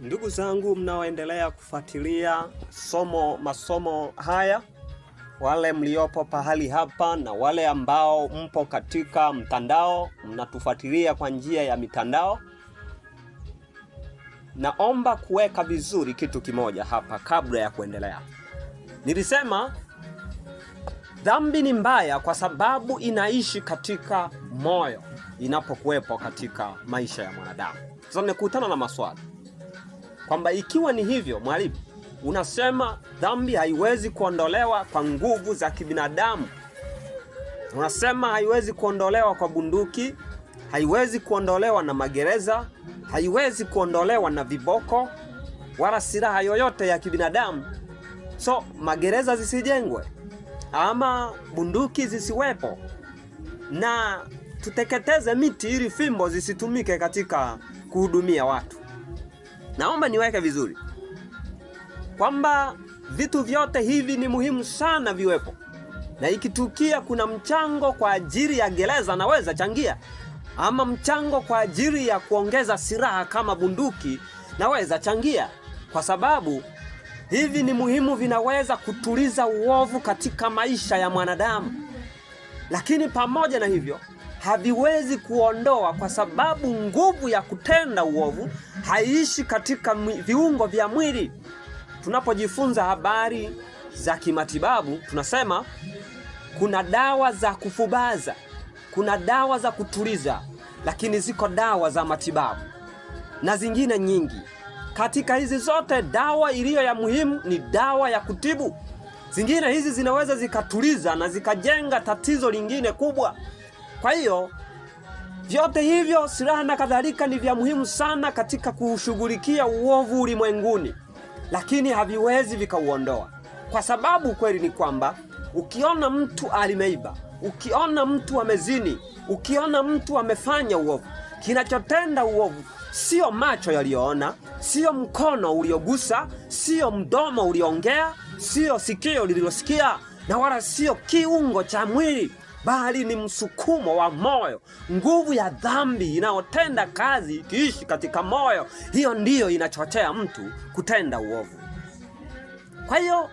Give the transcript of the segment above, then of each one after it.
Ndugu zangu mnaoendelea kufuatilia somo masomo haya, wale mliopo pahali hapa na wale ambao mpo katika mtandao mnatufuatilia kwa njia ya mitandao, naomba kuweka vizuri kitu kimoja hapa kabla ya kuendelea. Nilisema dhambi ni mbaya kwa sababu inaishi katika moyo inapokuwepo katika maisha ya mwanadamu. Sasa nimekutana na maswali kwamba ikiwa ni hivyo, mwalimu, unasema dhambi haiwezi kuondolewa kwa nguvu za kibinadamu, unasema haiwezi kuondolewa kwa bunduki, haiwezi kuondolewa na magereza, haiwezi kuondolewa na viboko wala silaha yoyote ya kibinadamu. So magereza zisijengwe ama bunduki zisiwepo, na tuteketeze miti ili fimbo zisitumike katika kuhudumia watu. Naomba niweke vizuri kwamba vitu vyote hivi ni muhimu sana viwepo, na ikitukia kuna mchango kwa ajili ya gereza naweza changia, ama mchango kwa ajili ya kuongeza silaha kama bunduki naweza changia, kwa sababu hivi ni muhimu, vinaweza kutuliza uovu katika maisha ya mwanadamu. Lakini pamoja na hivyo haviwezi kuondoa, kwa sababu nguvu ya kutenda uovu haiishi katika viungo vya mwili. Tunapojifunza habari za kimatibabu, tunasema kuna dawa za kufubaza, kuna dawa za kutuliza, lakini ziko dawa za matibabu na zingine nyingi. Katika hizi zote, dawa iliyo ya muhimu ni dawa ya kutibu. Zingine hizi zinaweza zikatuliza na zikajenga tatizo lingine kubwa. Kwa hiyo vyote hivyo silaha na kadhalika ni vya muhimu sana katika kuushughulikia uovu ulimwenguni, lakini haviwezi vikauondoa, kwa sababu kweli ni kwamba ukiona mtu alimeiba, ukiona mtu amezini, ukiona mtu amefanya uovu, kinachotenda uovu siyo macho yaliyoona, siyo mkono uliogusa, siyo mdomo uliongea, siyo sikio lililosikia, na wala siyo kiungo cha mwili bali ni msukumo wa moyo, nguvu ya dhambi inayotenda kazi ikiishi katika moyo. Hiyo ndiyo inachochea mtu kutenda uovu. Kwa hiyo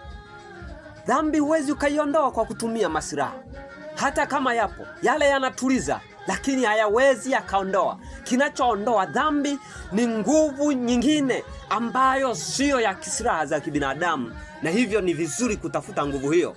dhambi huwezi ukaiondoa kwa kutumia masiraha, hata kama yapo yale yanatuliza, lakini hayawezi yakaondoa. Kinachoondoa dhambi ni nguvu nyingine ambayo siyo ya kisiraha za kibinadamu, na hivyo ni vizuri kutafuta nguvu hiyo